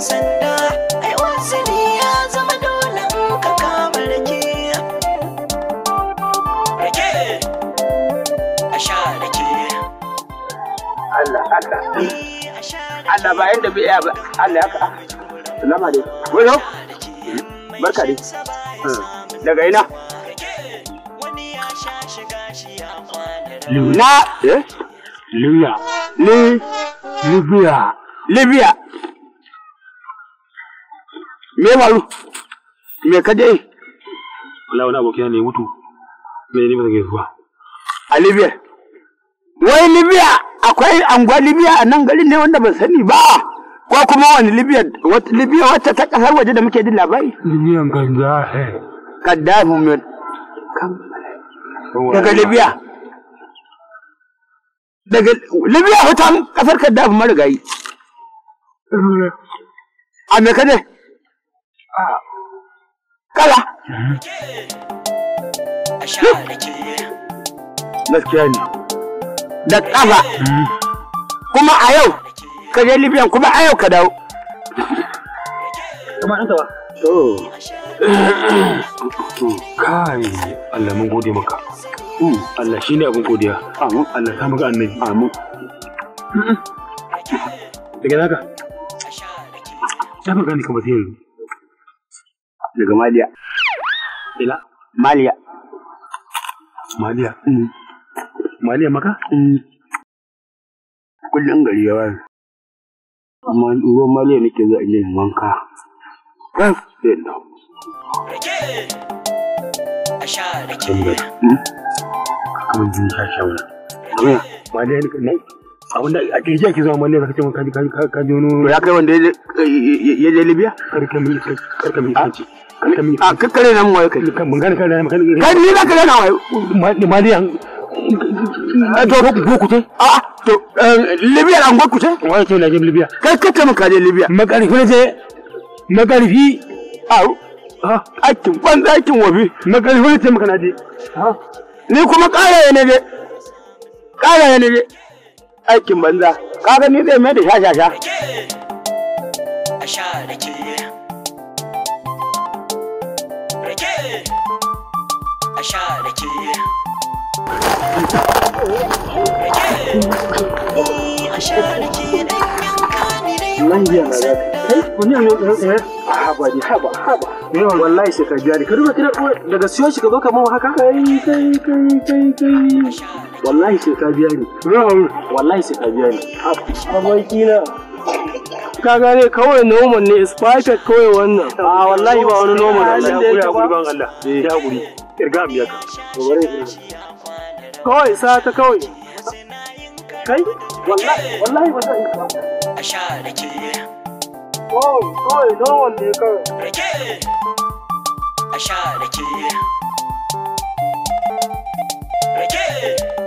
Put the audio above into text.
sanda ai wasanni ya zama dole in ka kama rake rake a sha rake Allah Allah eh, Allah ba inda bai ba Allah ya ka Salamu alaikum. Wai Barka dai. Hmm. Daga ina? Eh? Libya. Libya. Libya. Me waru? Me ka dai? Wala wani abokina ne mutu. Me ne ke gaisuwa? A Libya. Wai Libya akwai anguwa Libya a nan garin ne wanda ban sani ba. Ko kuma wani Libya wata Libya wata ta kasar waje da muke jin labari? Libyan Gaddafi. Gaddafi mun. Daga Libya. Daga Libya hutan kasar Gaddafi marigayi. A me ka Kala. Gaskiya ne. Da ƙafa. Kuma a yau, ka je Libyan kuma a yau ka dawo. Kuma ɗanka ba. Kai, Allah mun gode maka. Hmm. Allah shi ne abin godiya. Amin. Allah ta maka annabi. Amin. Daga naka? Ta ba gane kamar sai yanzu. daga Maliya. Ila? Maliya. Maliya? Mm. Maliya maka? Mm. Kullum gari ya wani. Amma ruwan Maliya nake zuwa yin wanka. Ɗan ah, zai da. Rike! A sha rike! Mm. Kamar jini sha sha wani. Kamar Maliya ne? abin a kirji ake zuwa mallaya zaka ce mun kaji kaji wani ya kai wanda ya je eh, libya karka mi karka mi kanci a na mawaye kai kan mun gane na kan kan ni na kare na a to ko ku a to eh, libya an ku ce eh? wai ce na je libya kai kakka mun kaje libya makarfi ne je makarfi a ah. aikin banza aikin wabi makarfi ne ce maka na je ni kuma karaye ne je karaye ne je aikin banza ka gani zai mai da shashasha a sha rake eh, wallahi biya na kai wani yau eh haba ni haba haba wallahi ka ka duba kira daga siyo shi ka zo ka mawa haka kai kai kai kai kai wallahi ka wallahi ka haba na ka gane kawai ne kawai wannan a ah, wallahi ba wani ya ban Allah ya kawai sa ta kawai kai wallahi wallahi wallahi a sha rake wow kawai nawan ne kawai rake a sha rake rake